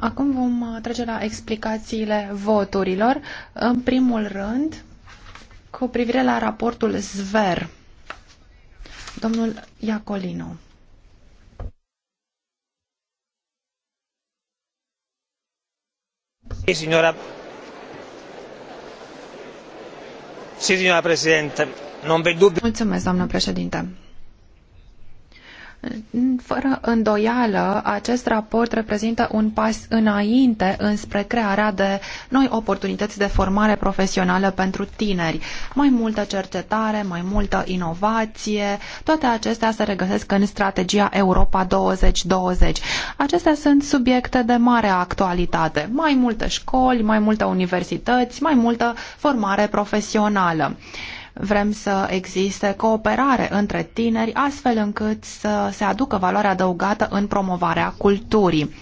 Acum vom uh, trece la explicațiile voturilor. În primul rând, cu privire la raportul Zver, domnul Iacolino. Sì, signora... Sì, signora Presidente, non v'è dubbio... Mulțumesc, doamnă președinte. Fără îndoială, acest raport reprezintă un pas înainte înspre crearea de noi oportunități de formare profesională pentru tineri. Mai multă cercetare, mai multă inovație, toate acestea se regăsesc în strategia Europa 2020. Acestea sunt subiecte de mare actualitate. Mai multe școli, mai multe universități, mai multă formare profesională. Vrem să existe cooperare între tineri, astfel încât să se aducă valoare adăugată în promovarea culturii.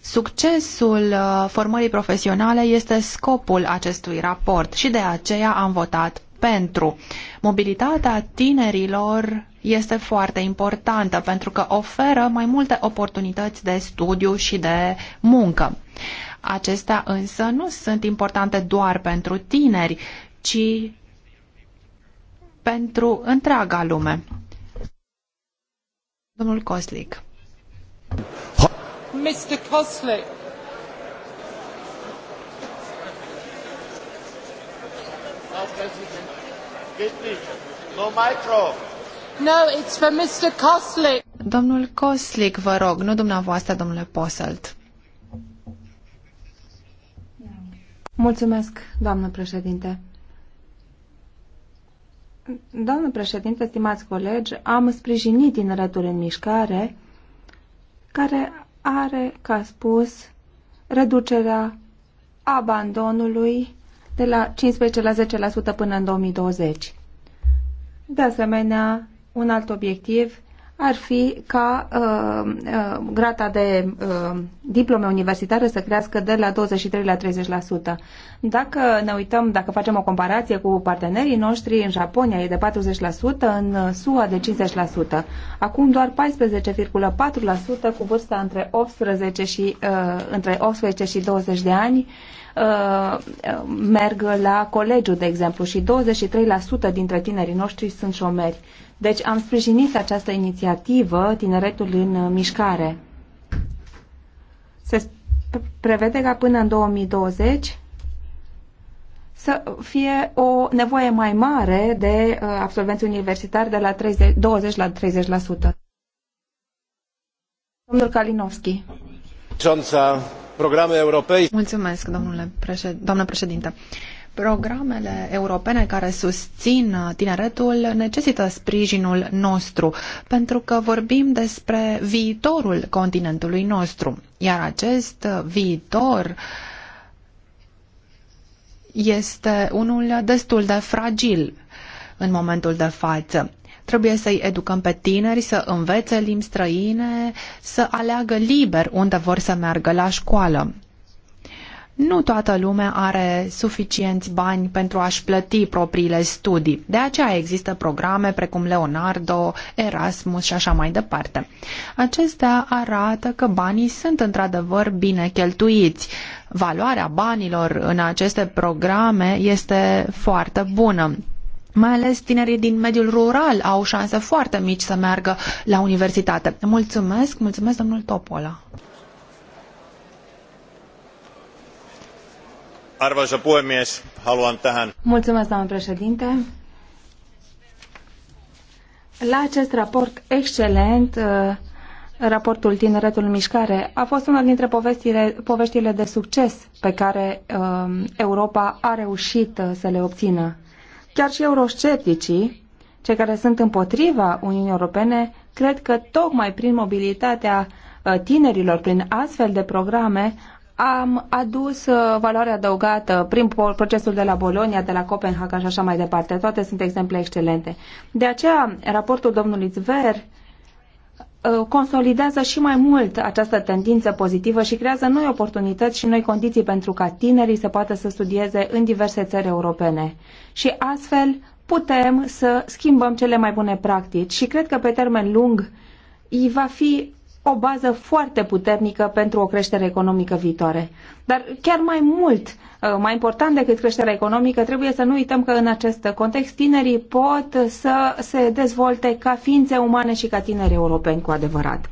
Succesul uh, formării profesionale este scopul acestui raport și de aceea am votat pentru. Mobilitatea tinerilor este foarte importantă pentru că oferă mai multe oportunități de studiu și de muncă. Acestea însă nu sunt importante doar pentru tineri, ci pentru întreaga lume. Domnul Coslic. Mr. Coslic. No it's for Mr. Coslic. Domnul Coslic, vă rog, nu dumneavoastră, domnule Posselt. Mulțumesc, doamnă președinte. Domnul președinte, stimați colegi, am sprijinit tineretul în mișcare care are, ca spus, reducerea abandonului de la 15 la 10% până în 2020. De asemenea, un alt obiectiv ar fi ca uh, uh, grata de uh, diplome universitare să crească de la 23 la 30%. Dacă ne uităm, dacă facem o comparație cu partenerii noștri, în Japonia e de 40%, în uh, SUA de 50%. Acum doar 14,4% cu vârsta între 18 și, uh, între 18 și 20 de ani uh, uh, merg la colegiu, de exemplu, și 23% dintre tinerii noștri sunt șomeri. Deci am sprijinit această inițiativă, Tineretul în uh, Mișcare. Se prevede ca până în 2020 să fie o nevoie mai mare de uh, absolvenți universitari de la 30, 20 la 30%. Domnul Kalinowski. Mulțumesc, domnule președ... doamnă președintă Programele europene care susțin uh, tineretul necesită sprijinul nostru, pentru că vorbim despre viitorul continentului nostru, iar acest viitor este unul destul de fragil în momentul de față. Trebuie să-i educăm pe tineri să învețe limbi străine, să aleagă liber unde vor să meargă la școală nu toată lumea are suficienți bani pentru a-și plăti propriile studii. De aceea există programe precum Leonardo, Erasmus și așa mai departe. Acestea arată că banii sunt într-adevăr bine cheltuiți. Valoarea banilor în aceste programe este foarte bună. Mai ales tinerii din mediul rural au șanse foarte mici să meargă la universitate. Mulțumesc, mulțumesc domnul Topola. arvoisa puhemies haluan tähän. la acest raport excelent uh, raportul Tineretul Mișcare a fost una dintre povestile, poveștile de succes pe care uh, Europa a reușit uh, să le obțină. Chiar și euroscepticii, cei care sunt împotriva Uniunii Europene, cred că tocmai prin mobilitatea tinerilor prin astfel de programe am adus uh, valoarea adăugată prin procesul de la Bolonia, de la Copenhaga și așa mai departe. Toate sunt exemple excelente. De aceea, raportul domnului Zver uh, consolidează și mai mult această tendință pozitivă și creează noi oportunități și noi condiții pentru ca tinerii să poată să studieze în diverse țări europene. Și astfel putem să schimbăm cele mai bune practici și cred că pe termen lung va fi o bază foarte puternică pentru o creștere economică viitoare. Dar chiar mai mult, uh, mai important decât creșterea economică, trebuie să nu uităm că în acest context tinerii pot să se dezvolte ca ființe umane și ca tineri europeni cu adevărat.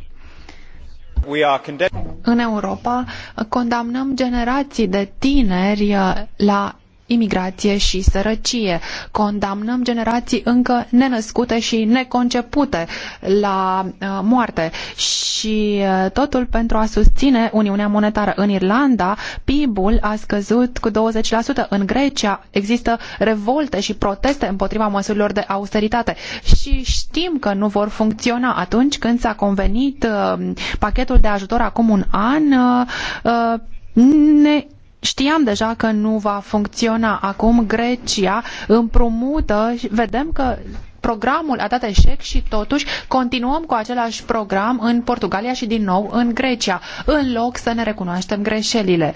În Europa condamnăm generații de tineri uh, la imigrație și sărăcie. Condamnăm generații încă nenăscute și neconcepute la uh, moarte și uh, totul pentru a susține Uniunea Monetară. În Irlanda, PIB-ul a scăzut cu 20%. În Grecia există revolte și proteste împotriva măsurilor de austeritate și știm că nu vor funcționa atunci când s-a convenit uh, pachetul de ajutor acum un an ne Știam deja că nu va funcționa. Acum Grecia împrumută și vedem că programul a dat eșec și totuși continuăm cu același program în Portugalia și din nou în Grecia, în loc să ne recunoaștem greșelile.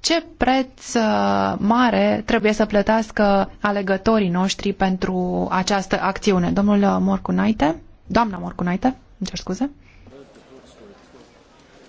Ce preț uh, mare trebuie să plătească alegătorii noștri pentru această acțiune? Domnul Morcunaite? Doamna Morcunaite, îmi cer scuze.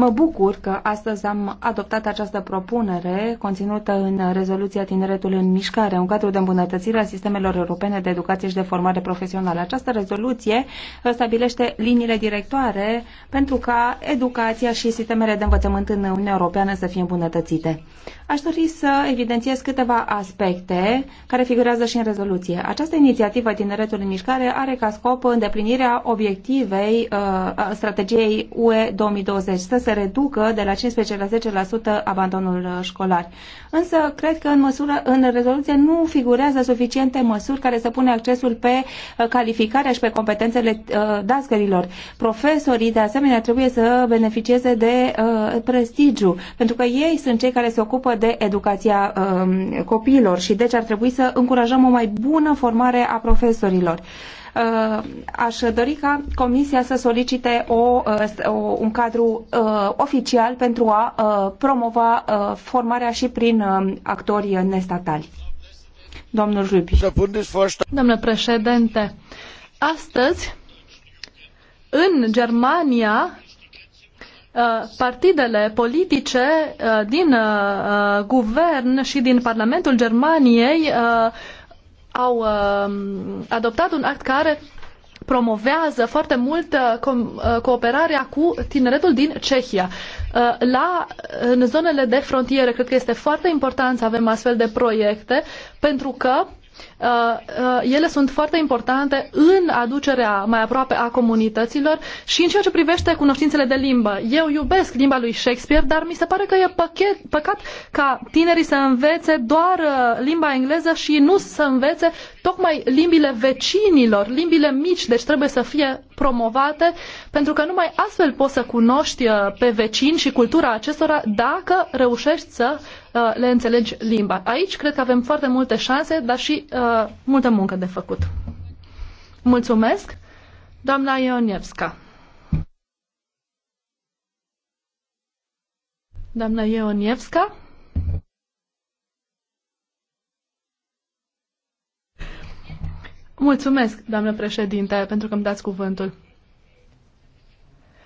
Mă bucur că astăzi am adoptat această propunere conținută în rezoluția Tineretul în Mișcare, un cadru de îmbunătățire a sistemelor europene de educație și de formare profesională. Această rezoluție uh, stabilește liniile directoare pentru ca educația și sistemele de învățământ în Uniunea Europeană să fie îmbunătățite. Aș dori să evidențiez câteva aspecte care figurează și în rezoluție. Această inițiativă Tineretul în Mișcare are ca scop îndeplinirea obiectivei uh, strategiei UE 2020 să se reducă de la 15 la 10% abandonul uh, școlar. Însă, cred că în, măsură, în rezoluție nu figurează suficiente măsuri care să pune accesul pe uh, calificarea și pe competențele uh, dascărilor. Profesorii, de asemenea, trebuie să beneficieze de prestigiu, pentru că ei sunt cei care se ocupă de educația um, copiilor și deci ar trebui să încurajăm o mai bună formare a profesorilor. Uh, aș dori ca Comisia să solicite o, uh, un cadru uh, oficial pentru a promova formarea și prin actori nestatali. Domnul Rubi. Domnule președinte, astăzi în Germania partidele politice din guvern și din Parlamentul Germaniei au uh, adoptat un act care promovează foarte mult uh, uh, cooperarea cu tineretul din Cehia. La, în zonele de frontieră, cred că este foarte important să avem astfel de proiecte, pentru că Uh, uh, ele sunt foarte importante în aducerea mai aproape a comunităților și în ceea ce privește cunoștințele de limbă. Eu iubesc limba lui Shakespeare, dar mi se pare că e păchet, păcat ca tinerii să învețe doar uh, limba engleză și nu să învețe tocmai limbile vecinilor, limbile mici, deci trebuie să fie promovate, pentru că numai astfel poți să cunoști pe vecini și cultura acestora dacă reușești să le înțelegi limba. Aici cred că avem foarte multe șanse, dar și uh, multă muncă de făcut. Mulțumesc, doamna Ionievska. Doamna Ionievska? Mulțumesc, doamnă președinte, pentru că îmi dați cuvântul.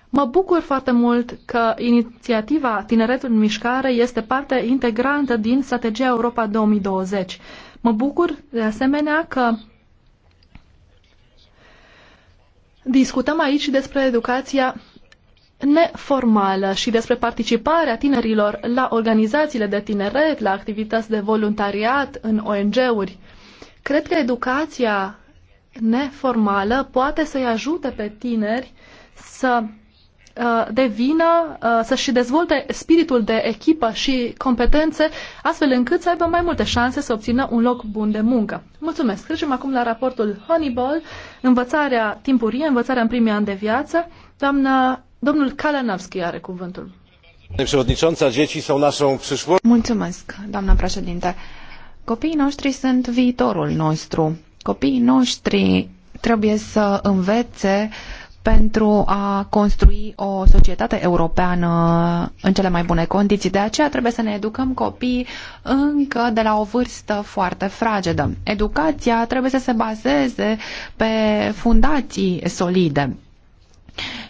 Mă bucur foarte mult că inițiativa Tineretul în Mișcare este parte integrantă din strategia Europa 2020. Mă bucur de asemenea că discutăm aici despre educația neformală și despre participarea tinerilor la organizațiile de tineret, la activități de voluntariat în ONG-uri. Cred că educația neformală poate să-i ajute pe tineri să Uh, devină, uh, să-și dezvolte spiritul de echipă și competențe, astfel încât să aibă mai multe șanse să obțină un loc bun de muncă. Mulțumesc! Trecem acum la raportul Honeyball, învățarea timpurie, învățarea în primii ani de viață. Doamna, domnul Kalanowski are cuvântul. Mulțumesc, doamna președinte. Copiii noștri sunt viitorul nostru. Copiii noștri trebuie să învețe uh, pentru a construi o societate europeană în cele mai bune condiții. De aceea trebuie să ne educăm copiii încă de la o vârstă foarte fragedă. Educația trebuie să se bazeze pe fundații solide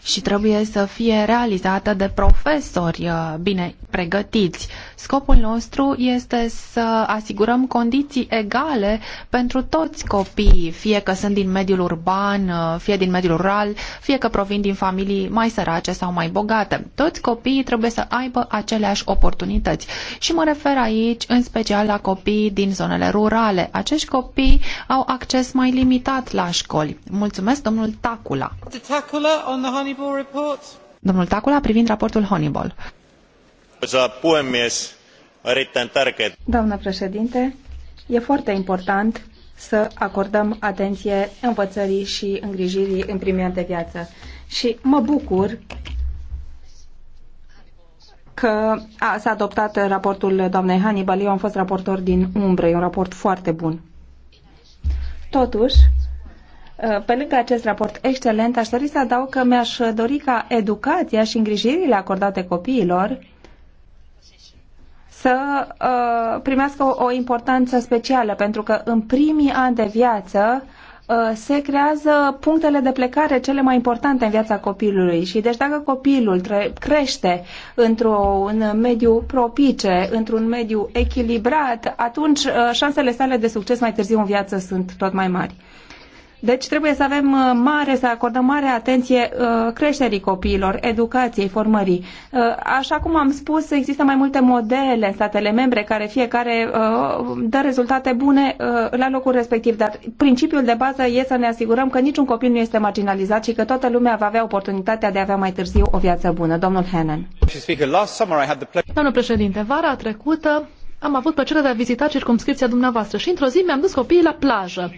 și trebuie să fie realizată de profesori uh, bine pregătiți. Scopul nostru este să asigurăm condiții egale pentru toți copiii, fie că sunt din mediul urban, uh, fie din mediul rural, fie că provin din familii mai sărace sau mai bogate. Toți copiii trebuie să aibă aceleași oportunități. Și mă refer aici în special la copiii din zonele rurale. Acești copii au acces mai limitat la școli. Mulțumesc, domnul Tacula. Tacula on the Honeyball report. Domnul Tacula privind raportul Honeyball. Doamnă președinte, e foarte important să acordăm atenție învățării și îngrijirii în primii ani de viață. Și mă bucur că s-a adoptat raportul doamnei Hannibal. Eu am fost raportor din umbră, e un raport foarte bun. Totuși, Uh, pe lângă acest raport excelent, aș dori să adaug că mi-aș dori ca educația și îngrijirile acordate copiilor să uh, primească o, o importanță specială, pentru că în primii ani de viață uh, se creează punctele de plecare cele mai importante în viața copilului și deci dacă copilul crește într-un mediu propice, într-un mediu echilibrat, atunci uh, șansele sale de succes mai târziu în viață sunt tot mai mari. Deci trebuie să avem uh, mare, să acordăm mare atenție uh, creșterii copiilor, educației, formării. Uh, așa cum am spus, există mai multe modele în statele membre care fiecare dă rezultate bune la locul respectiv, dar principiul de bază e să ne asigurăm că niciun copil nu este marginalizat și că toată lumea va avea oportunitatea de a avea mai târziu o viață bună. Domnul Hannan. Domnul președinte, vara trecută am avut plăcerea de a vizita circumscripția dumneavoastră și într-o zi mi-am dus copiii la plajă.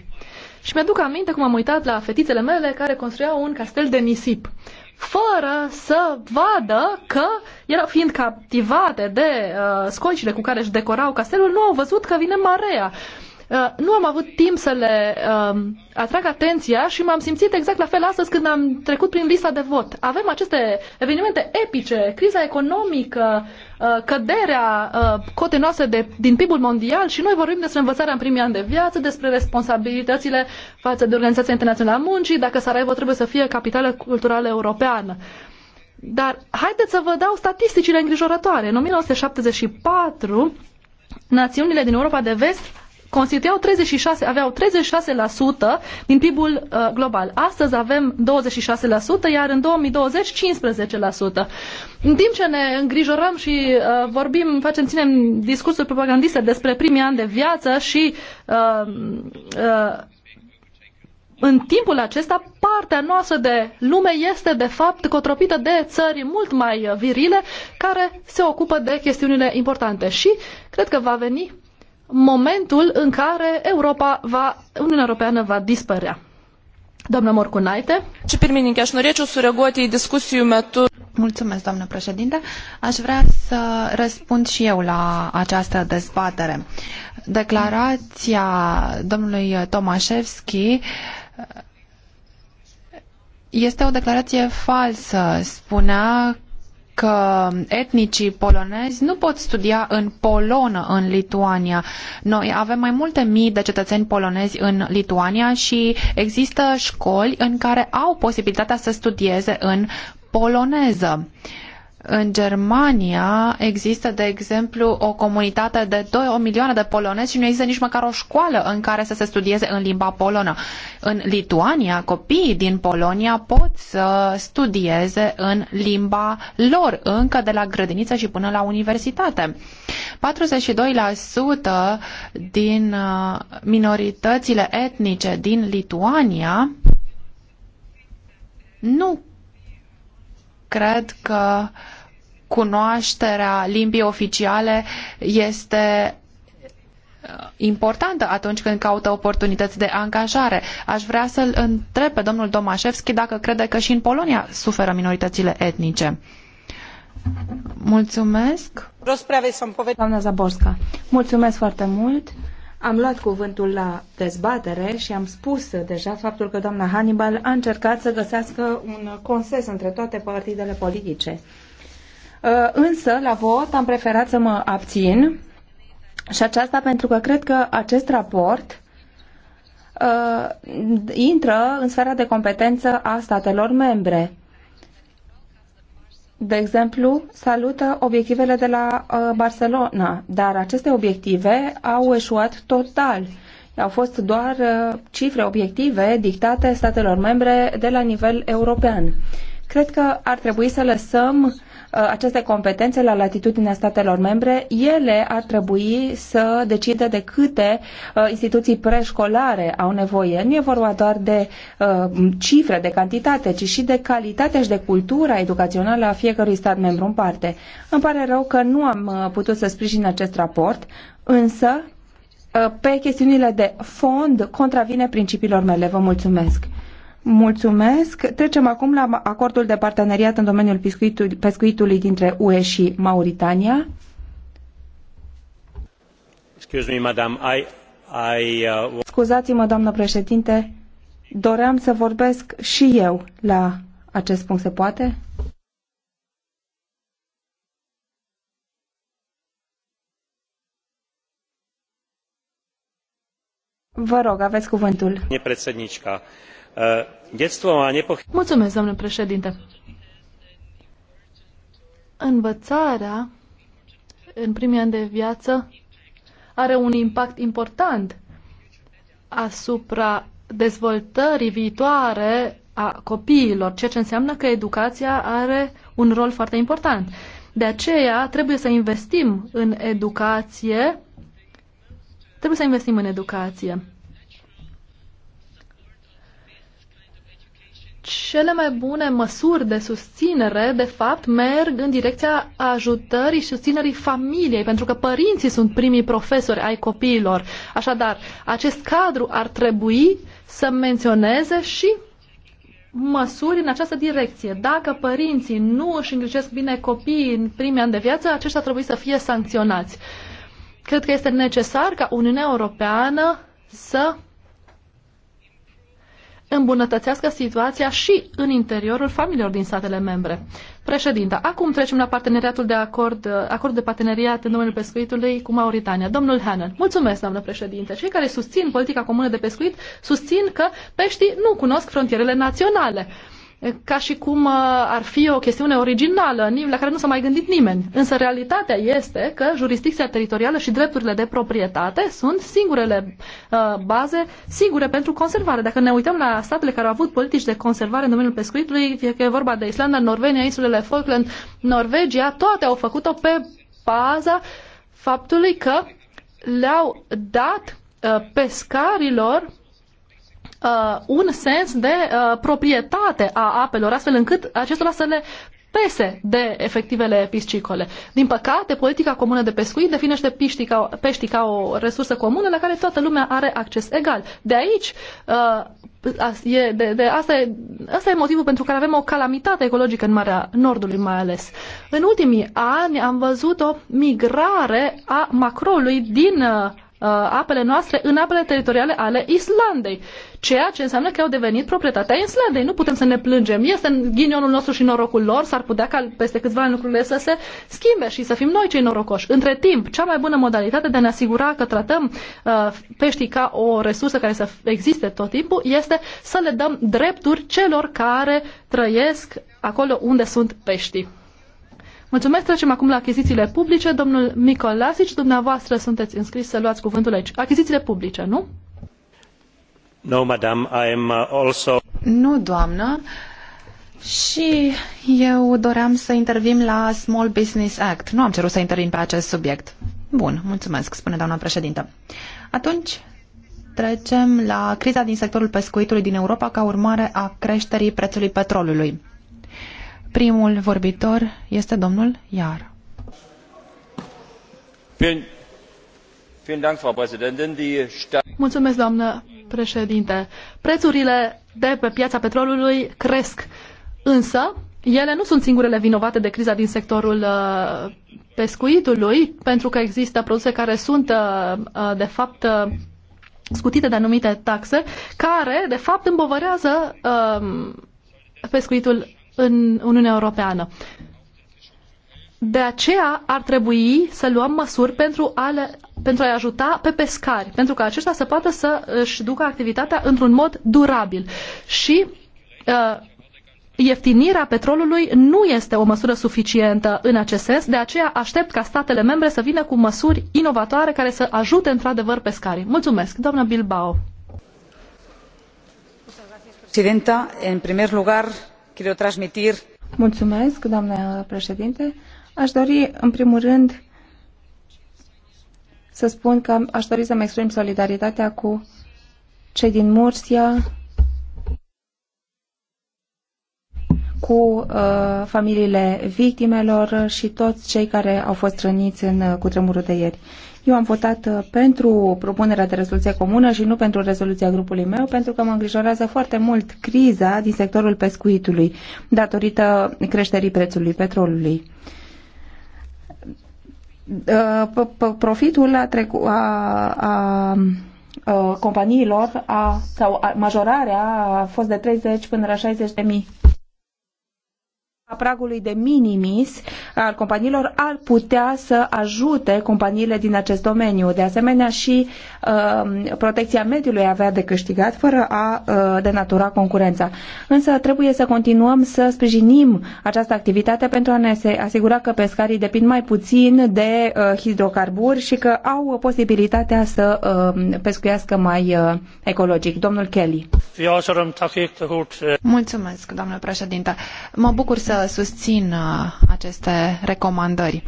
Și mi-aduc aminte cum am uitat la fetițele mele care construiau un castel de nisip fără să vadă că, erau fiind captivate de uh, scoicile cu care își decorau castelul, nu au văzut că vine marea. Uh, nu am avut timp să le um, atrag atenția și m-am simțit exact la fel astăzi când am trecut prin lista de vot. Avem aceste evenimente epice, criza economică, uh, căderea uh, cote noastre de, din PIB-ul mondial și noi vorbim despre învățarea în primii ani de viață, despre responsabilitățile față de Organizația Internațională a Muncii, dacă Sarajevo trebuie să fie capitală culturală europeană. Dar haideți să vă dau statisticile îngrijorătoare. În 1974, națiunile din Europa de Vest constituiau 36, aveau 36% din PIB-ul uh, global. Astăzi avem 26%, iar în 2020 15%. În timp ce ne îngrijorăm și uh, vorbim, facem, ținem discursuri propagandiste despre primii ani de viață și uh, uh, în timpul acesta, partea noastră de lume este, de fapt, cotropită de țări mult mai virile care se ocupă de chestiunile importante. Și cred că va veni momentul în care Europa va, Uniunea Europeană va dispărea. Doamna Morcunaite. Ce pirmininke, aș norėčiau sureaguoti į diskusijų metu. Mulțumesc, doamnă președinte. Aș vrea să răspund și eu la această dezbatere. Declarația domnului Tomașevski este o declarație falsă. Spunea că etnicii polonezi nu pot studia în polonă în Lituania. Noi avem mai multe mii de cetățeni polonezi în Lituania și există școli în care au posibilitatea să studieze în poloneză. Uh, în Germania există, de exemplu, o comunitate de 2 o milioane de polonezi și nu există nici măcar o școală în care să se studieze în limba polonă. În Lituania, copiii din Polonia pot să studieze în limba lor, încă de la grădiniță și până la universitate. 42% din uh, minoritățile etnice din Lituania nu cred că uh, cunoașterea limbii oficiale este uh, importantă atunci când caută oportunități de angajare. Aș vrea să-l întreb pe domnul Domașevski dacă crede că și în Polonia suferă minoritățile etnice. Mulțumesc. Doamna Zaborska, mulțumesc foarte mult. Am luat cuvântul la dezbatere și am spus deja faptul că doamna Hannibal a încercat să găsească un consens între toate partidele politice Uh, însă la vot am preferat să mă abțin și aceasta pentru că cred că acest raport uh, intră în sfera de competență a statelor membre. De exemplu, salută obiectivele de la uh, Barcelona, dar aceste obiective au eșuat total. Au fost doar cifre obiective dictate statelor membre de la nivel european. Cred că ar trebui să lăsăm uh, aceste competențe la latitudinea statelor membre, ele ar trebui să decidă de câte uh, instituții preșcolare au nevoie. Nu e vorba doar de uh, cifre, de cantitate, ci și de calitate și de cultura educațională a fiecărui stat membru în parte. Îmi pare rău că nu am putut să sprijin acest raport, însă pe chestiunile de fond contravine principiilor mele. Vă mulțumesc! Mulțumesc. Trecem acum la acordul de parteneriat în domeniul pescuitului dintre UE și Mauritania. Excuse me, madam. I, I, uh... Scuzați-mă, doamnă președinte, doream să vorbesc și eu la acest punct. Se poate? Vă rog, aveți cuvântul. Președnică. Uh, domnule președinte. Învățarea în primii ani de viață are un impact important asupra dezvoltării viitoare a copiilor, ceea ce înseamnă că educația are un rol foarte important. De aceea trebuie să investim în educație. Trebuie să investim în educație. cele mai bune măsuri de susținere, de fapt, merg în direcția ajutării și susținerii familiei, pentru că părinții sunt primii profesori ai copiilor. Așadar, acest cadru ar trebui să menționeze și măsuri în această direcție. Dacă părinții nu își îngrijesc bine copiii în primii ani de viață, aceștia trebui să fie sancționați. Cred că este necesar ca Uniunea Europeană să îmbunătățească situația și în interiorul familiilor din statele membre. Președinta, acum trecem la parteneriatul de acord, acord de parteneriat în domeniul pescuitului cu Mauritania. Domnul Hanel, mulțumesc, doamnă președinte. Cei care susțin politica comună de pescuit susțin că peștii nu cunosc frontierele naționale. Uh, ca și cum uh, ar fi o chestiune originală, la care nu s-a mai gândit nimeni. Însă realitatea este că jurisdicția teritorială și drepturile de proprietate sunt singurele uh, baze sigure pentru conservare. Dacă ne uităm la statele care au avut politici de conservare în domeniul pescuitului, fie că e vorba de Islanda, Norvegia, insulele Falkland, Norvegia, toate au făcut-o pe baza faptului că le-au dat uh, pescarilor uh, un sens de uh, proprietate a apelor, astfel încât acestora să le pese de efectivele piscicole. Din păcate, politica comună de pescuit definește peștii ca, peștii ca o resursă comună la care toată lumea are acces egal. De aici, uh, e, de, de, asta, e, asta e motivul pentru care avem o calamitate ecologică în Marea Nordului mai ales. În ultimii ani am văzut o migrare a macrolului din uh, Uh, apele noastre în apele teritoriale ale Islandei, ceea ce înseamnă că au devenit proprietatea Islandei. Nu putem să ne plângem. Este ghinionul nostru și norocul lor. S-ar putea ca peste câțiva ani lucrurile să se schimbe și să fim noi cei norocoși. Între timp, cea mai bună modalitate de a ne asigura că tratăm uh, peștii ca o resursă care să existe tot timpul este să le dăm drepturi celor care trăiesc acolo unde sunt peștii. Mulțumesc, trecem acum la achizițiile publice. Domnul Micolasici, dumneavoastră sunteți înscris să luați cuvântul aici. Achizițiile publice, nu? No, madam, I am uh, also... Nu, doamnă. Și eu doream să intervin la Small Business Act. Nu am cerut să intervin pe acest subiect. Bun, mulțumesc, spune doamna președintă. Atunci, trecem la criza din sectorul pescuitului din Europa ca urmare a creșterii prețului petrolului. Primul vorbitor este domnul Iar. Mulțumesc, doamnă președinte. Prețurile de pe piața petrolului cresc, însă ele nu sunt singurele vinovate de criza din sectorul uh, pescuitului, pentru că există produse care sunt, uh, uh, de fapt, scutite de anumite taxe, care, de fapt, îmbovărează pescuitul în Uniunea Europeană. De aceea ar trebui să luăm măsuri pentru a, le, pentru a ajuta pe pescari, pentru că aceștia să poată să își ducă activitatea într-un mod durabil. Și uh, ieftinirea petrolului nu este o măsură suficientă în acest sens, de aceea aștept ca statele membre să vină cu măsuri inovatoare care să ajute într-adevăr pescarii. Mulțumesc, doamna Bilbao. Presidenta, în primul rând, Quiero Mulțumesc, doamnă președinte. Aș dori, în primul rând, să spun că aș dori să-mi exprim solidaritatea cu cei din Mursia, cu uh, familiile victimelor și toți cei care au fost răniți în uh, cutremurul de ieri. Eu am votat uh, pentru propunerea de rezoluție comună și nu pentru rezoluția grupului meu, pentru că mă îngrijorează foarte mult criza din sectorul pescuitului, datorită creșterii prețului petrolului uh, profitul a, trecut a, a, a uh, companiilor a, sau a, majorarea a fost de 30 până la 60 de mii a pragului de minimis al companiilor ar putea să ajute companiile din acest domeniu. De asemenea și uh, protecția mediului avea de câștigat fără a uh, denatura concurența. Însă trebuie să continuăm să sprijinim această activitate pentru a ne asigura că pescarii depind mai puțin de uh, hidrocarburi și că au posibilitatea să uh, pescuiască mai uh, ecologic. Domnul Kelly. Mulțumesc, doamnă președinte. Mă bucur să să susțin uh, aceste recomandări.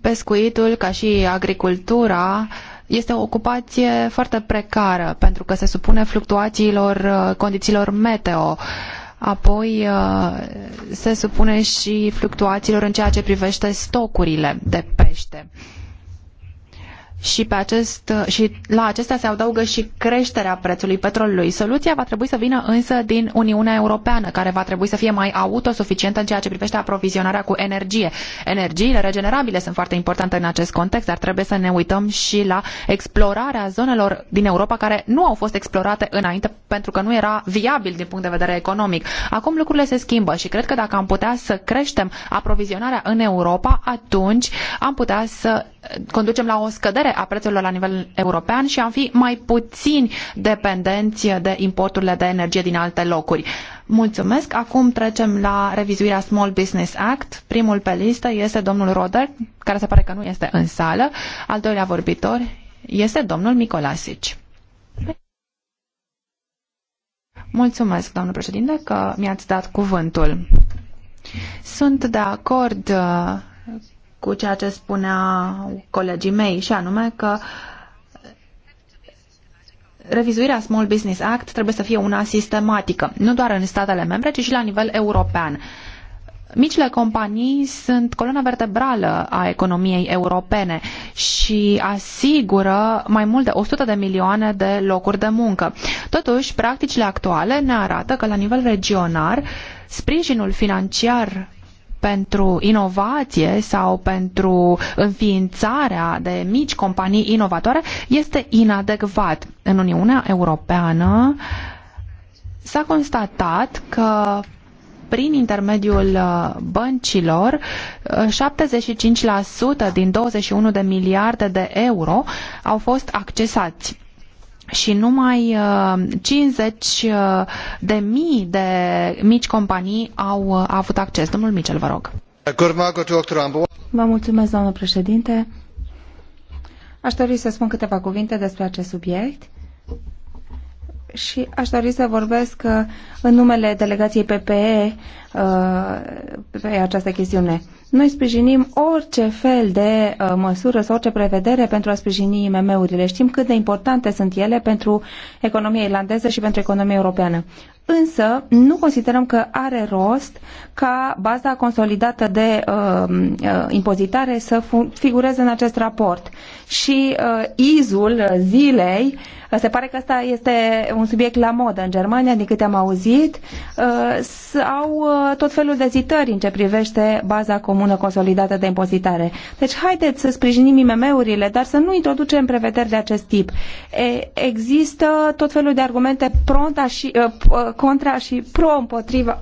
Pescuitul, ca și agricultura, este o ocupație foarte precară pentru că se supune fluctuațiilor uh, condițiilor meteo. Apoi uh, se supune și fluctuațiilor în ceea ce privește stocurile de pește și, pe acest, și la acestea se adaugă și creșterea prețului petrolului. Soluția va trebui să vină însă din Uniunea Europeană, care va trebui să fie mai autosuficientă în ceea ce privește aprovizionarea cu energie. Energiile regenerabile sunt foarte importante în acest context, dar trebuie să ne uităm și la explorarea zonelor din Europa care nu au fost explorate înainte pentru că nu era viabil din punct de vedere economic. Acum lucrurile se schimbă și cred că dacă am putea să creștem aprovizionarea în Europa, atunci am putea să conducem la o scădere a prețurilor la nivel european și am fi mai puțin dependenți de importurile de energie din alte locuri. Mulțumesc. Acum trecem la revizuirea Small Business Act. Primul pe listă este domnul Roder, care se pare că nu este în sală. Al doilea vorbitor este domnul Micolasici. Mulțumesc, doamnă președinte, că mi-ați dat cuvântul. Sunt de acord uh, cu ceea ce spuneau colegii mei, și anume că revizuirea Small Business Act trebuie să fie una sistematică, nu doar în statele membre, ci și la nivel european. Micile companii sunt coloana vertebrală a economiei europene și asigură mai mult de 100 de milioane de locuri de muncă. Totuși, practicile actuale ne arată că la nivel regional, sprijinul financiar pentru inovație sau pentru înființarea de mici companii inovatoare este inadecvat. În Uniunea Europeană s-a constatat că prin intermediul uh, băncilor, 75% uh, din 21 de miliarde de euro au fost accesați și numai 50 uh, uh, de mii de mici companii au uh, avut acces. Domnul Michel, vă rog. Vă mulțumesc, doamnă președinte. Aș dori să spun câteva cuvinte despre acest subiect și aș dori să vorbesc uh, în numele delegației PPE uh, pe această chestiune. Noi sprijinim orice fel de uh, măsură sau orice prevedere pentru a sprijini IMM-urile. Știm cât de importante sunt ele pentru economia irlandeză și pentru economia europeană. Însă, nu considerăm că are rost ca baza consolidată de uh, impozitare să figureze în acest raport. Și uh, izul zilei uh, se pare că asta este un subiect la modă în Germania, din câte am auzit. Uh, au uh, tot felul de zitări în ce privește baza comună consolidată de impozitare. Deci haideți să sprijinim IMM-urile, dar să nu introducem prevederi de acest tip. Există tot felul de argumente pronta și, uh, contra și pro împotriva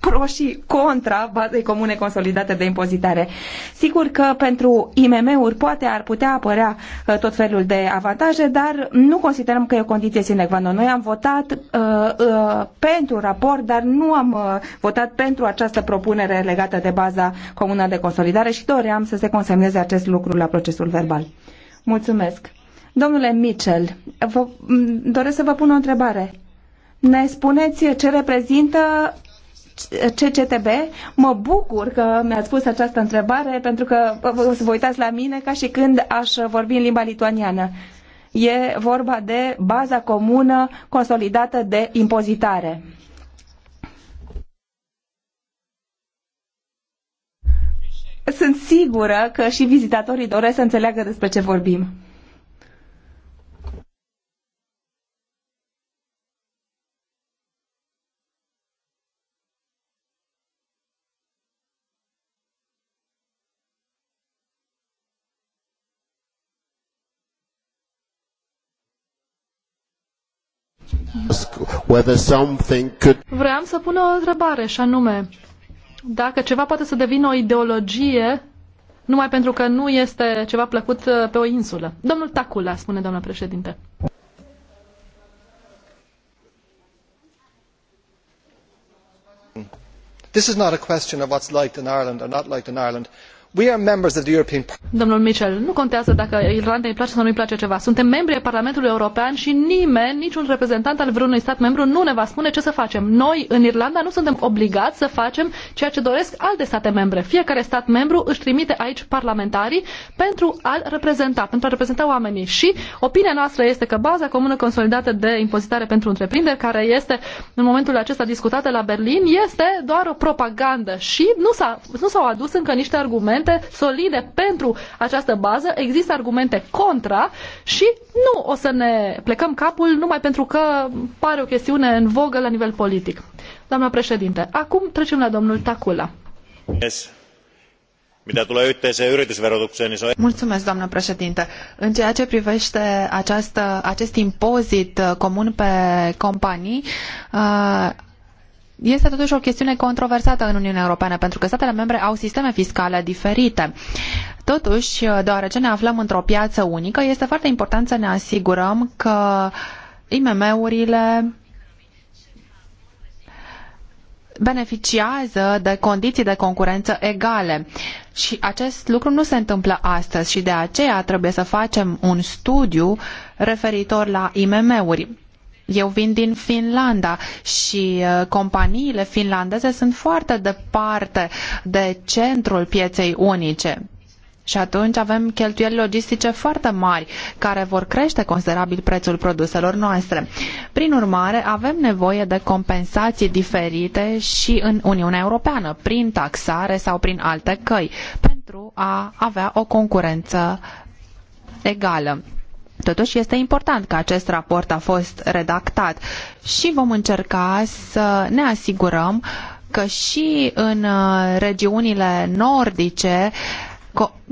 pro și contra bazei comune consolidate de impozitare. Sigur că pentru IMM-uri poate ar putea apărea uh, tot felul de avantaje, dar nu considerăm că e o condiție sine qua non. Noi am votat uh, uh, pentru raport, dar nu am uh, votat pentru această propunere legată de baza comună de consolidare și doream să se consemneze acest lucru la procesul verbal. Mulțumesc. Domnule Mitchell, vă, doresc să vă pun o întrebare. Ne spuneți ce reprezintă CCTB. Mă bucur că mi-ați pus această întrebare pentru că o să vă uitați la mine ca și când aș vorbi în limba lituaniană. E vorba de baza comună consolidată de impozitare. Sunt sigură că și vizitatorii doresc să înțeleagă despre ce vorbim. Vreau să pun o întrebare și anume, dacă ceva poate să devină o ideologie numai pentru că nu este ceva plăcut uh, pe o insulă. Domnul Tacula, spune doamna președinte. This is not a question of what's liked in Ireland or not liked in Ireland. Domnule Domnul Mitchell, nu contează dacă Irlandei îi place sau nu îi place ceva. Suntem membri ai Parlamentului European și nimeni, niciun reprezentant al vreunui stat membru nu ne va spune ce să facem. Noi, în Irlanda, nu suntem obligați să facem ceea ce doresc alte state membre. Fiecare stat membru își trimite aici parlamentarii pentru a reprezenta, pentru a reprezenta oamenii. Și opinia noastră este că baza comună consolidată de impozitare pentru întreprinderi, care este în momentul acesta discutată la Berlin, este doar o propagandă și nu s-au adus încă niște argumente argumente solide pentru această bază, există argumente contra și nu o să ne plecăm capul numai pentru că pare o chestiune în vogă la nivel politic. Doamna președinte, acum trecem la domnul Tacula. Yes. Mulțumesc, doamnă președinte. În ceea ce privește această, acest impozit comun pe companii, uh, este totuși o chestiune controversată în Uniunea Europeană, pentru că statele membre au sisteme fiscale diferite. Totuși, deoarece ne aflăm într-o piață unică, este foarte important să ne asigurăm că IMM-urile beneficiază de condiții de concurență egale. Și acest lucru nu se întâmplă astăzi și de aceea trebuie să facem un studiu referitor la IMM-uri. Eu vin din Finlanda și uh, companiile finlandeze sunt foarte departe de centrul pieței unice. Și atunci avem cheltuieli logistice foarte mari, care vor crește considerabil prețul produselor noastre. Prin urmare, avem nevoie de compensații diferite și în Uniunea Europeană, prin taxare sau prin alte căi, pentru a avea o concurență egală. Totuși este important că acest raport a fost redactat și vom încerca să ne asigurăm că și în uh, regiunile nordice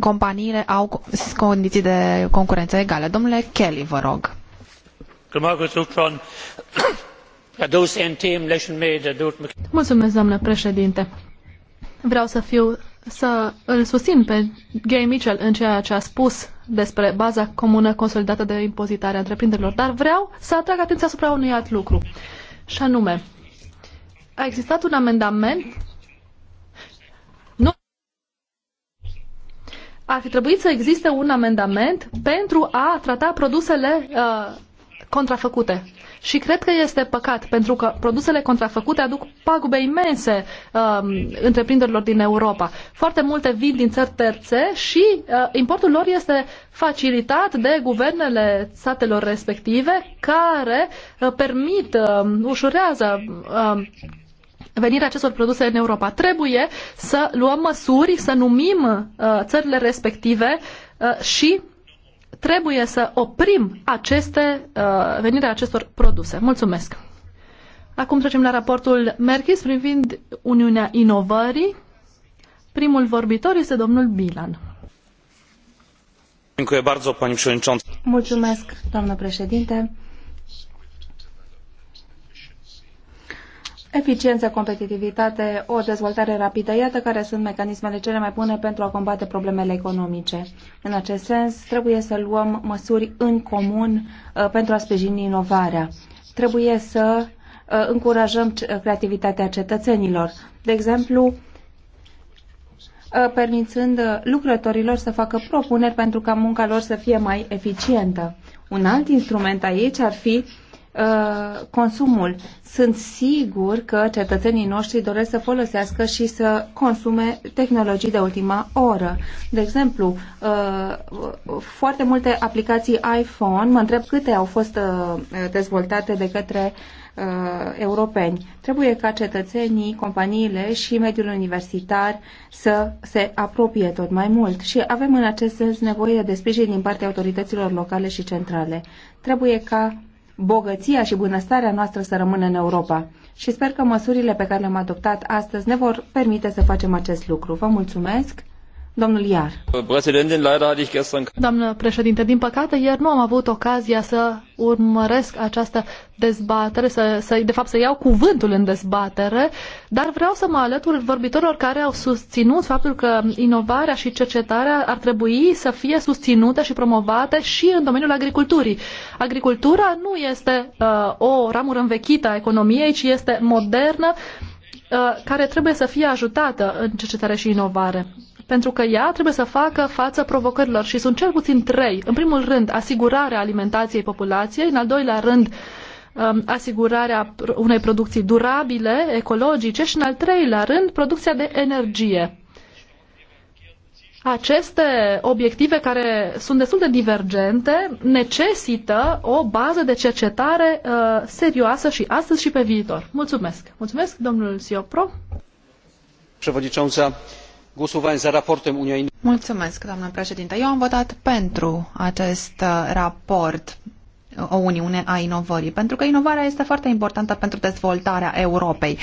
companiile au condiții de concurență egale. Domnule Kelly, vă rog. Mulțumesc, doamnă președinte. Vreau să fiu să îl susțin pe Gary Mitchell în ceea ce a spus despre baza comună consolidată de impozitare a întreprinderilor, dar vreau să atrag atenția asupra unui alt lucru. Și anume, a existat un amendament nu ar fi trebuit să existe un amendament pentru a trata produsele uh, contrafăcute. Și cred că este păcat, pentru că produsele contrafăcute aduc pagube imense um, întreprinderilor din Europa. Foarte multe vin din țări terțe și uh, importul lor este facilitat de guvernele statelor respective care uh, permit, uh, ușurează uh, venirea acestor produse în Europa. Trebuie să luăm măsuri, să numim uh, țările respective uh, și trebuie să oprim aceste, uh, venirea acestor produse. Mulțumesc! Acum trecem la raportul Merkis privind Uniunea Inovării. Primul vorbitor este domnul Bilan. Mulțumesc, doamnă președinte. Eficiență, competitivitate, o dezvoltare rapidă, iată care sunt mecanismele cele mai bune pentru a combate problemele economice. În acest sens, trebuie să luăm măsuri în comun uh, pentru a sprijini inovarea. Trebuie să uh, încurajăm creativitatea cetățenilor. De exemplu, uh, permițând lucrătorilor să facă propuneri pentru ca munca lor să fie mai eficientă. Un alt instrument aici ar fi uh, Uh, consumul. Sunt sigur că cetățenii noștri doresc să folosească și să consume tehnologii de ultima oră. De exemplu, uh, foarte multe aplicații iPhone, mă întreb câte au fost uh, dezvoltate de către europeni. Trebuie ca cetățenii, companiile și mediul universitar să se apropie tot mai mult și avem în acest sens nevoie de sprijin din partea autorităților locale și centrale. Trebuie ca bogăția și bunăstarea noastră să rămână în Europa. Și sper că măsurile pe care le-am adoptat astăzi ne vor permite să facem acest lucru. Vă mulțumesc! Domnul Iar. Doamnă președinte, din păcate ieri nu am avut ocazia să urmăresc această dezbatere, să, să, de fapt să iau cuvântul în dezbatere, dar vreau să mă alătur vorbitorilor care au susținut faptul că inovarea și cercetarea ar trebui să fie susținute și promovate și în domeniul agriculturii. Agricultura nu este uh, o ramură învechită a economiei, ci este modernă, uh, care trebuie să fie ajutată în cercetare și inovare pentru că ea trebuie să facă față provocărilor și sunt cel puțin trei. În primul rând, asigurarea alimentației populației, în al doilea rând, um, asigurarea unei producții durabile, ecologice și, în al treilea rând, producția de energie. Aceste obiective, care sunt destul de divergente, necesită o bază de cercetare uh, serioasă și astăzi și pe viitor. Mulțumesc! Mulțumesc, domnul Siopro! doamnă președinte. Eu am votat pentru acest uh, raport o uniune a inovării, pentru că inovarea este foarte importantă pentru dezvoltarea Europei.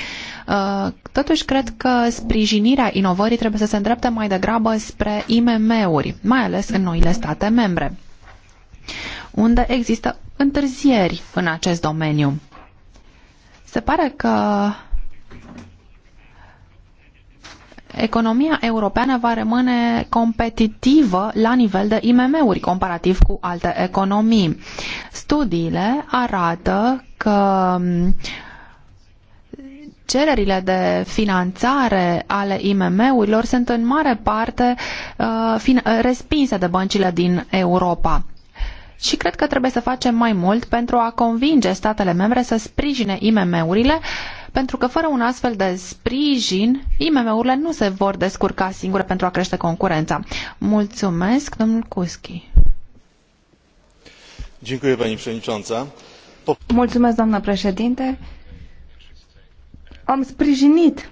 Uh, totuși, cred că sprijinirea inovării trebuie să se îndrepte mai degrabă spre IMM-uri, mai ales în noile state membre, unde există întârzieri în acest domeniu. Se pare că economia europeană va rămâne competitivă la nivel de IMM-uri comparativ cu alte economii. Studiile arată că mm, cererile de finanțare ale IMM-urilor sunt în mare parte uh, respinse de băncile din Europa. Și cred că trebuie să facem mai mult pentru a convinge statele membre să sprijine IMM-urile uh, pentru că fără un astfel de sprijin, IMM-urile nu se vor descurca singure pentru a crește concurența. Mulțumesc, domnul Kuski. Mulțumesc, doamnă președinte. Am sprijinit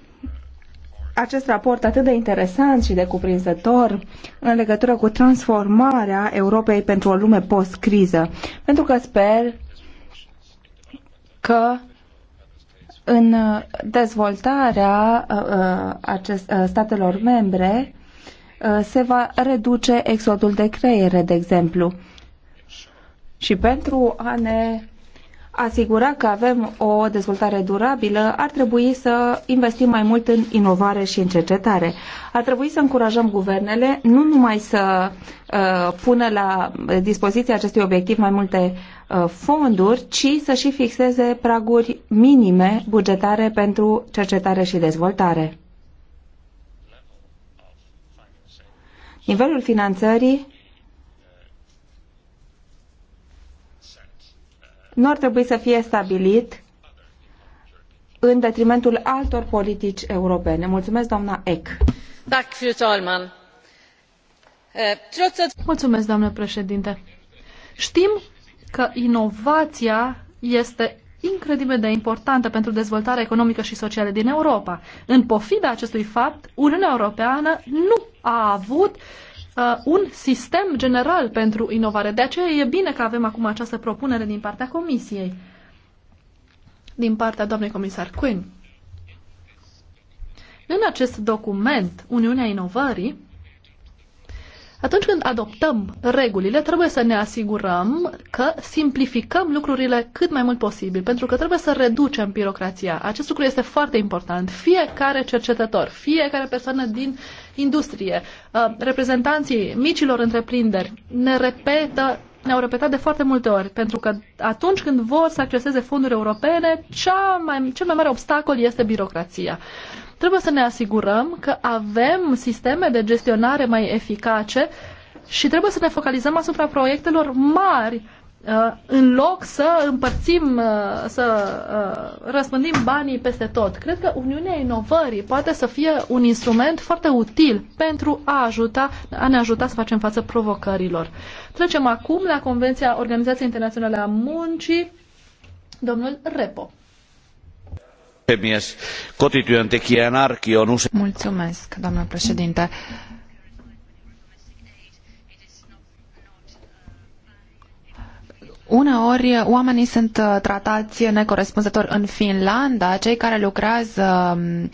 acest raport atât de interesant și de cuprinzător în legătură cu transformarea Europei pentru o lume post-criză, pentru că sper că în uh, dezvoltarea uh, uh, acest, statelor membre se va reduce exodul de creiere, de exemplu. Și pentru a ne asigura că avem o dezvoltare durabilă, ar trebui să investim mai mult în inovare și în cercetare. Ar trebui să încurajăm guvernele nu numai să uh, pună la dispoziție acestui obiectiv mai multe Uh, fonduri, ci să și fixeze praguri minime bugetare pentru cercetare și dezvoltare. Nivelul finanțării nu ar trebui să fie stabilit în detrimentul altor politici europene. Mulțumesc, doamna Eck. Eh, Mulțumesc, doamnă președinte. Știm că inovația este incredibil de importantă pentru dezvoltarea economică și socială din Europa. În pofida acestui fapt, Uniunea Europeană nu a avut uh, un sistem general pentru inovare. De aceea e bine că avem acum această propunere din partea Comisiei, din partea doamnei comisar Quinn. În acest document, Uniunea Inovării atunci când adoptăm regulile, trebuie să ne asigurăm că simplificăm lucrurile cât mai mult posibil, pentru că trebuie să reducem birocrația. Acest lucru este foarte important. Fiecare cercetător, fiecare persoană din industrie, uh, reprezentanții micilor întreprinderi ne repetă ne-au repetat de foarte multe ori, pentru că atunci când vor să acceseze fonduri europene, cea mai, cel mai mare obstacol este birocrația. Trebuie să ne asigurăm că avem sisteme de gestionare mai eficace și trebuie să ne focalizăm asupra proiectelor mari uh, în loc să împărțim, uh, să uh, răspândim banii peste tot. Cred că Uniunea Inovării poate să fie un instrument foarte util pentru a, ajuta, a ne ajuta să facem față provocărilor. Trecem acum la Convenția Organizației Internaționale a Muncii, domnul Repo puhemies kotityöntekijän arki on usein. Mulțumesc, doamnă președinte. Uneori oamenii sunt uh, tratați necorespunzător în Finlanda, cei care lucrează um, uh,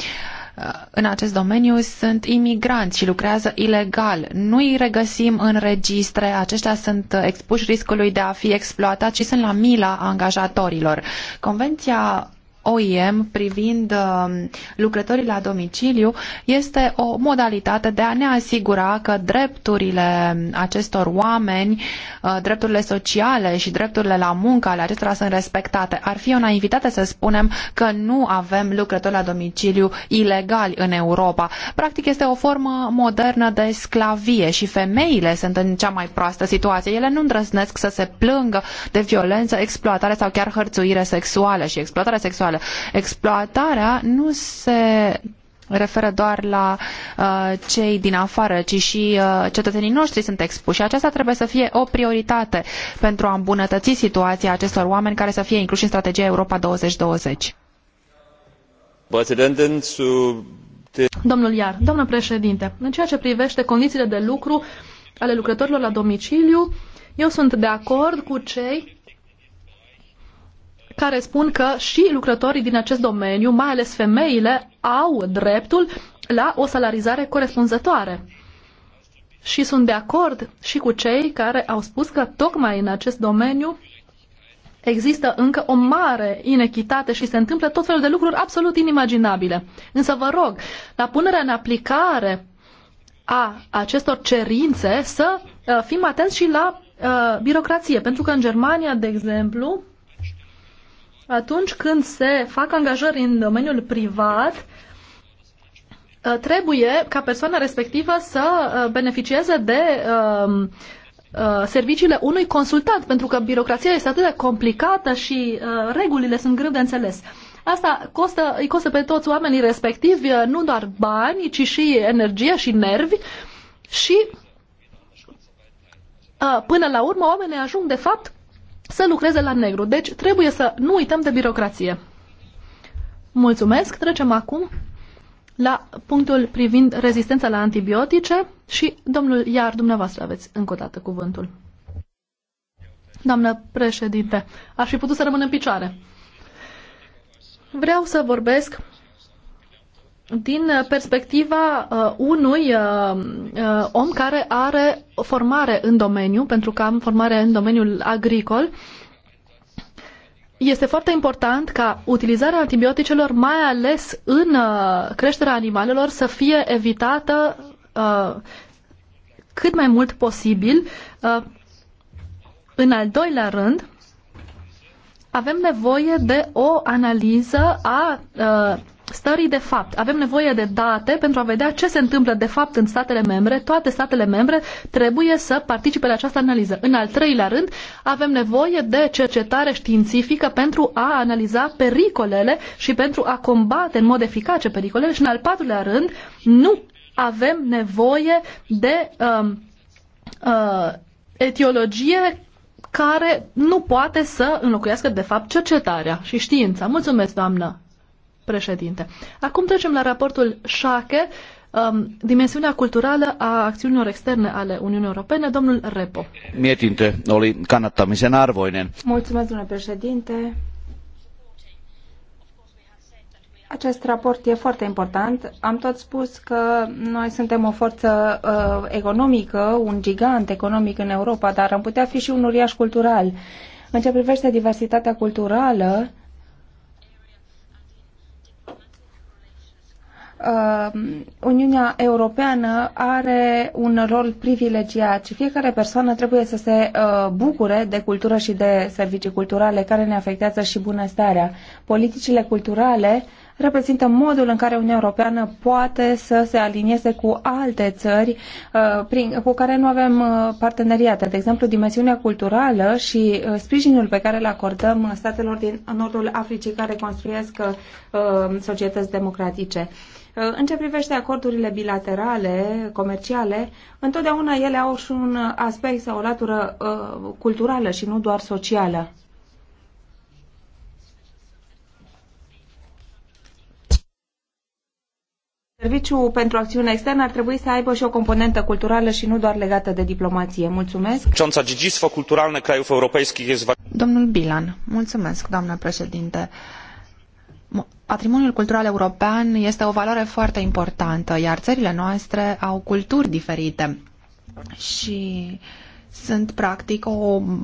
în acest domeniu sunt imigranți și lucrează ilegal. Nu îi regăsim în registre, aceștia sunt uh, expuși riscului de a fi exploatați și sunt la mila angajatorilor. Convenția OIM privind um, lucrătorii la domiciliu este o modalitate de a ne asigura că drepturile acestor oameni, uh, drepturile sociale și drepturile la muncă ale acestora sunt respectate. Ar fi o naivitate să spunem că nu avem lucrători la domiciliu ilegali în Europa. Practic este o formă modernă de sclavie și femeile sunt în cea mai proastă situație. Ele nu îndrăznesc să se plângă de violență, exploatare sau chiar hărțuire sexuală și exploatare sexuală. Exploatarea nu se referă doar la uh, cei din afară, ci și uh, cetățenii noștri sunt expuși. Și aceasta trebuie să fie o prioritate pentru a îmbunătăți situația acestor oameni care să fie incluși în strategia Europa 2020. Domnul Iar, doamnă președinte, în ceea ce privește condițiile de lucru ale lucrătorilor la domiciliu, eu sunt de acord cu cei care spun că și lucrătorii din acest domeniu, mai ales femeile, au dreptul la o salarizare corespunzătoare. Și sunt de acord și cu cei care au spus că tocmai în acest domeniu există încă o mare inechitate și se întâmplă tot felul de lucruri absolut inimaginabile. Însă vă rog, la punerea în aplicare a acestor cerințe, să uh, fim atenți și la uh, birocrație, pentru că în Germania, de exemplu, atunci când se fac angajări în domeniul privat, uh, trebuie ca persoana respectivă să uh, beneficieze de um, uh, serviciile unui consultant, pentru că birocrația este atât de complicată și regulile sunt greu de înțeles. Asta costă, îi costă pe toți oamenii respectivi nu doar bani, ci și energie și nervi și până la urmă oamenii ajung de fapt să lucreze la negru. Deci trebuie să nu uităm de birocrație. Mulțumesc. Trecem acum la punctul privind rezistența la antibiotice și, domnul Iar, dumneavoastră aveți încă o dată cuvântul. Doamnă președinte, aș fi putut să rămân în picioare. Vreau să vorbesc din perspectiva uh, unui uh, uh, om care are formare în domeniu, pentru că am formare în domeniul agricol, este foarte important ca utilizarea antibioticelor, mai ales în uh, creșterea animalelor, să fie evitată uh, cât mai mult posibil. Uh, în al doilea rând, avem nevoie de o analiză a uh, stării de fapt. Avem nevoie de date pentru a vedea ce se întâmplă de fapt în statele membre. Toate statele membre trebuie să participe la această analiză. În al treilea rând, avem nevoie de cercetare științifică pentru a analiza pericolele și pentru a combate în mod eficace pericolele. Și în al patrulea rând, nu avem nevoie de uh, uh, etiologie care nu poate să înlocuiască, de fapt, cercetarea și știința. Mulțumesc, doamnă președinte. Acum trecem la raportul Șache, um, dimensiunea culturală a acțiunilor externe ale Uniunii Europene. Domnul Repo. Mietinte, oli kannattamisen arvoinen. Mulțumesc, domnule președinte. Acest raport e foarte important. Am tot spus că noi suntem o forță uh, economică, un gigant economic în Europa, dar am putea fi și un uriaș cultural. În ce privește diversitatea culturală, Um, Uniunea Europeană are un rol privilegiat și fiecare persoană trebuie să se uh, bucure de cultură și de servicii culturale care ne afectează și bunăstarea. Politicile culturale reprezintă modul în care Uniunea Europeană poate să se alinieze cu alte țări uh, prin, cu care nu avem uh, parteneriate. De exemplu, dimensiunea culturală și sprijinul pe care îl acordăm statelor din nordul Africii care construiesc societăți democratice. În ce privește acordurile bilaterale, comerciale, întotdeauna ele au și un aspect sau o latură uh, culturală și nu doar socială. Serviciul pentru acțiune externă ar trebui să aibă și o componentă culturală și nu doar legată de diplomație. Mulțumesc. Domnul Bilan, mulțumesc, doamnă președinte patrimoniul cultural european este o valoare foarte importantă, iar țările noastre au culturi diferite și uh, sunt practic o,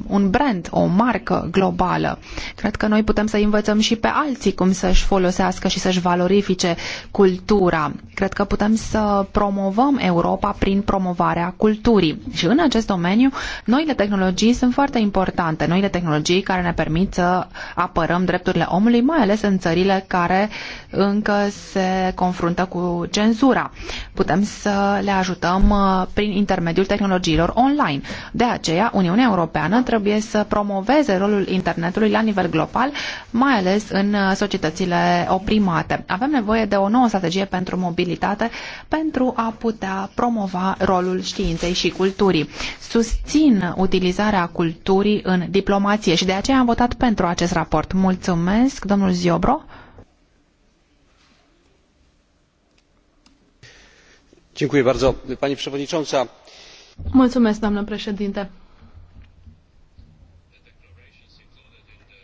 un brand, o marcă globală. Cred că noi putem să învățăm și pe alții cum să-și folosească și să-și valorifice cultura. Cred că putem să promovăm Europa prin promovarea culturii. Și în acest domeniu, noile tehnologii sunt foarte importante, noile tehnologii care ne permit să apărăm drepturile omului, mai ales în țările care încă se confruntă cu cenzura. Putem să le ajutăm uh, prin intermediul tehnologiilor online. De de aceea, Uniunea Europeană trebuie să promoveze rolul internetului la nivel global, mai ales în uh, societățile oprimate. Avem nevoie de o nouă strategie pentru mobilitate pentru a putea promova rolul științei și culturii. Susțin utilizarea culturii în diplomație și de aceea am votat pentru acest raport. Mulțumesc, domnul Ziobro. pani przewodnicząca! Mulțumesc, doamnă președinte.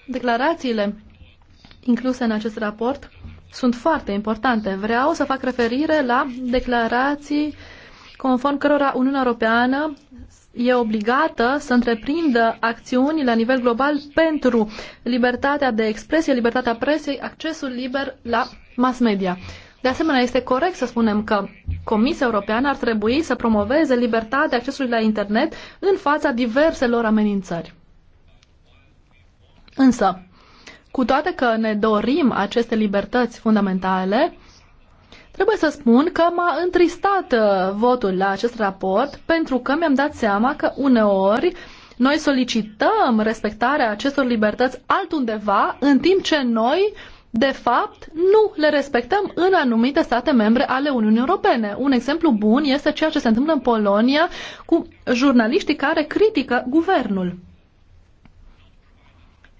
Declarațiile incluse în acest raport sunt foarte importante. Vreau să fac referire la declarații conform cărora Uniunea Europeană e obligată să întreprindă acțiuni la nivel global pentru libertatea de expresie, libertatea presei, accesul liber la mass media. De asemenea, este corect să spunem că Comisia Europeană ar trebui să promoveze libertatea accesului la internet în fața diverselor amenințări. Însă, cu toate că ne dorim aceste libertăți fundamentale, trebuie să spun că m-a întristat uh, votul la acest raport pentru că mi-am dat seama că uneori noi solicităm respectarea acestor libertăți altundeva, în timp ce noi uh, de fapt, nu le respectăm în anumite state membre ale Uniunii Europene. Un exemplu bun este ceea ce se întâmplă în Polonia cu jurnaliștii care critică guvernul.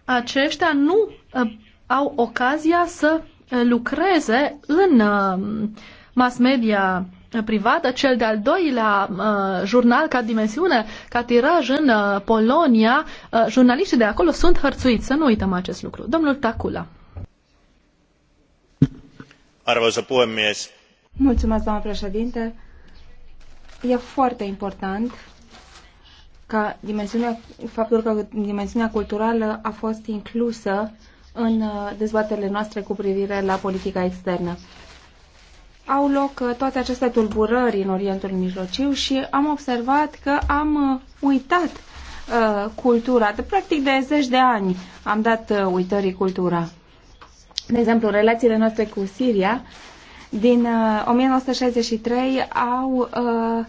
Aceștia nu uh, au ocazia să uh, lucreze în uh, mass media uh, privată, cel de-al doilea uh, jurnal ca dimensiune, ca tiraj în uh, Polonia, uh, jurnaliștii de acolo sunt hărțuiți. Să nu uităm acest lucru. Domnul Tacula. Arvoisa puhemies. Mulțumesc, doamnă președinte. E foarte important ca dimensiunea, faptul că dimensiunea culturală a fost inclusă în uh, dezbaterile noastre cu privire la politica externă. Au loc uh, toate aceste tulburări în Orientul Mijlociu și am observat că am uh, uitat uh, cultura. De, practic de zeci de ani am dat uh, uitării cultura de exemplu, relațiile noastre cu Siria, din uh, 1963 au uh,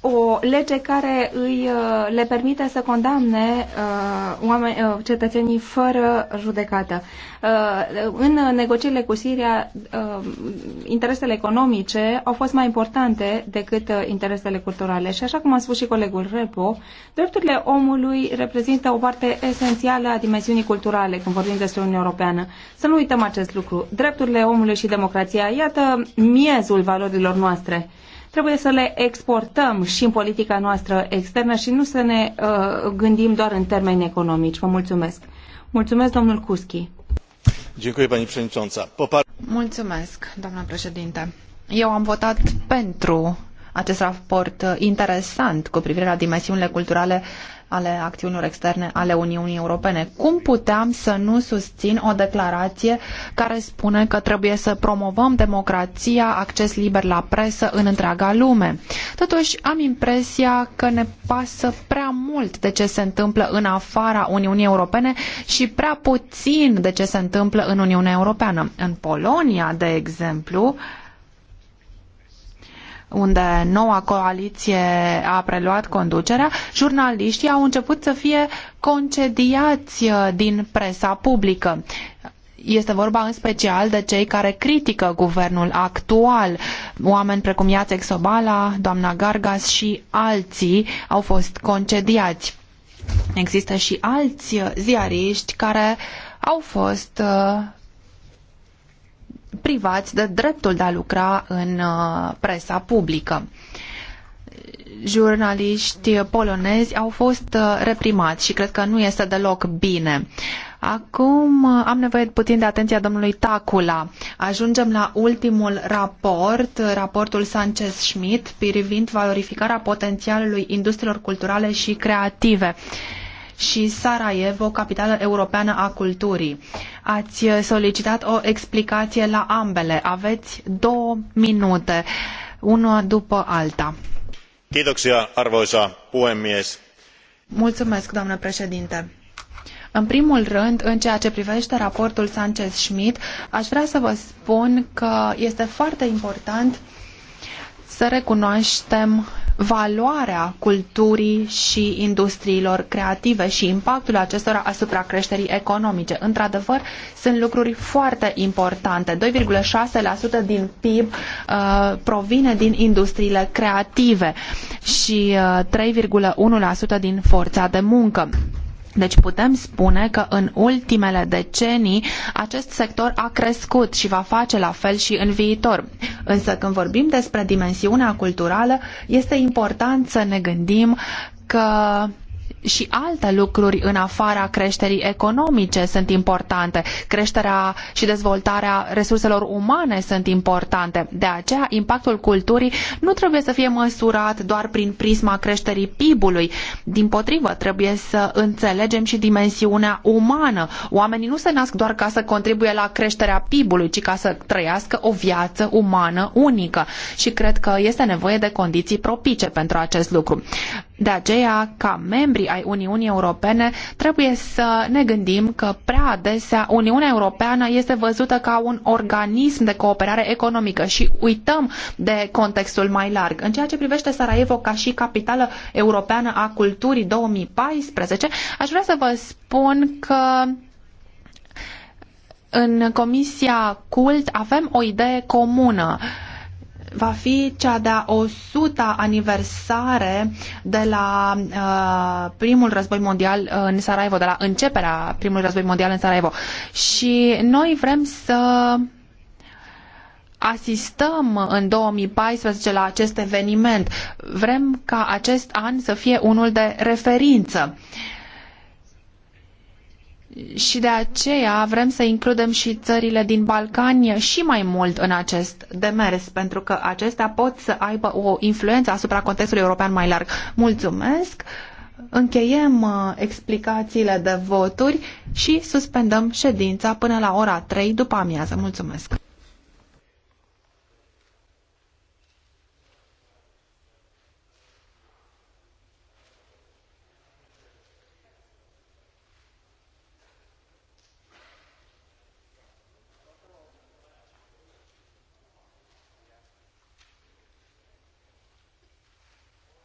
o lege care îi uh, le permite să condamne uh, oameni, uh, cetățenii fără judecată. Uh, în negocierile cu Siria, uh, interesele economice au fost mai importante decât uh, interesele culturale. Și așa cum a spus și colegul Repo, drepturile omului reprezintă o parte esențială a dimensiunii culturale când vorbim despre Uniunea Europeană. Să nu uităm acest lucru. Drepturile omului și democrația, iată miezul valorilor noastre. Uh, trebuie să le exportăm și în politica noastră externă și nu să ne uh, gândim doar în termeni economici. Vă mulțumesc. Mulțumesc, domnul Kuski. Mulțumesc, doamna președinte. Eu am votat pentru acest raport interesant cu privire la dimensiunile culturale ale acțiunilor externe ale Uniunii Europene. Cum puteam să nu susțin o declarație care spune că trebuie să promovăm democrația, acces liber la presă în întreaga lume? Totuși, am impresia că ne pasă prea mult de ce se întâmplă în afara Uniunii Europene și prea puțin de ce se întâmplă în Uniunea Europeană. În Polonia, de exemplu, unde noua coaliție a preluat conducerea, jurnaliștii au început să fie concediați uh, din presa publică. Este vorba în special de cei care critică guvernul actual. Oameni precum Iacek Sobala, doamna Gargas și alții au fost concediați. Există și alți uh, ziariști care au fost uh, privați de dreptul de a lucra în uh, presa publică. Jurnaliști polonezi au fost uh, reprimați și cred că nu este deloc bine. Acum uh, am nevoie puțin de atenția domnului Tacula. Ajungem la ultimul raport, raportul Sanchez-Schmidt, privind valorificarea potențialului industriilor culturale și creative și Sarajevo, capitală europeană a culturii. Ați solicitat o explicație la ambele. Aveți două minute, una după alta. Kiitoksia, arvoisa puhemies. Mulțumesc, doamnă președinte. În primul rând, în ceea ce privește raportul Sanchez-Schmidt, aș vrea să vă spun că este foarte important să recunoaștem valoarea culturii și industriilor creative și impactul acestora asupra creșterii economice. Într-adevăr, sunt lucruri foarte importante. 2,6% din PIB uh, provine din industriile creative și uh, 3,1% din forța de muncă. Deci putem spune că în ultimele decenii acest sector a crescut și va face la fel și în viitor. Însă când vorbim despre dimensiunea culturală, este important să ne gândim că și alte lucruri în afara creșterii economice sunt importante. Creșterea și dezvoltarea resurselor umane sunt importante. De aceea, impactul culturii nu trebuie să fie măsurat doar prin prisma creșterii PIB-ului. Din potrivă, trebuie să înțelegem și dimensiunea umană. Oamenii nu se nasc doar ca să contribuie la creșterea PIB-ului, ci ca să trăiască o viață umană unică. Și cred că este nevoie de condiții propice pentru acest lucru. De aceea, ca membri ai Uniunii Europene, trebuie să ne gândim că prea adesea Uniunea Europeană este văzută ca un organism de cooperare economică și uităm de contextul mai larg. În ceea ce privește Sarajevo ca și capitală europeană a culturii 2014, aș vrea să vă spun că în Comisia Cult avem o idee comună. Uh, va fi cea de-a 100-a aniversare de la uh, primul război mondial în Sarajevo, de la începerea primului război mondial în Sarajevo. Și noi vrem să asistăm în 2014 la acest eveniment. Vrem ca acest an să fie unul de referință. Uh, și de aceea vrem să includem și țările din Balcani și mai mult în acest demers, pentru că acestea pot să aibă o influență asupra contextului european mai larg. Mulțumesc! Încheiem uh, explicațiile de voturi și suspendăm ședința până la ora 3 după amiază. Mulțumesc!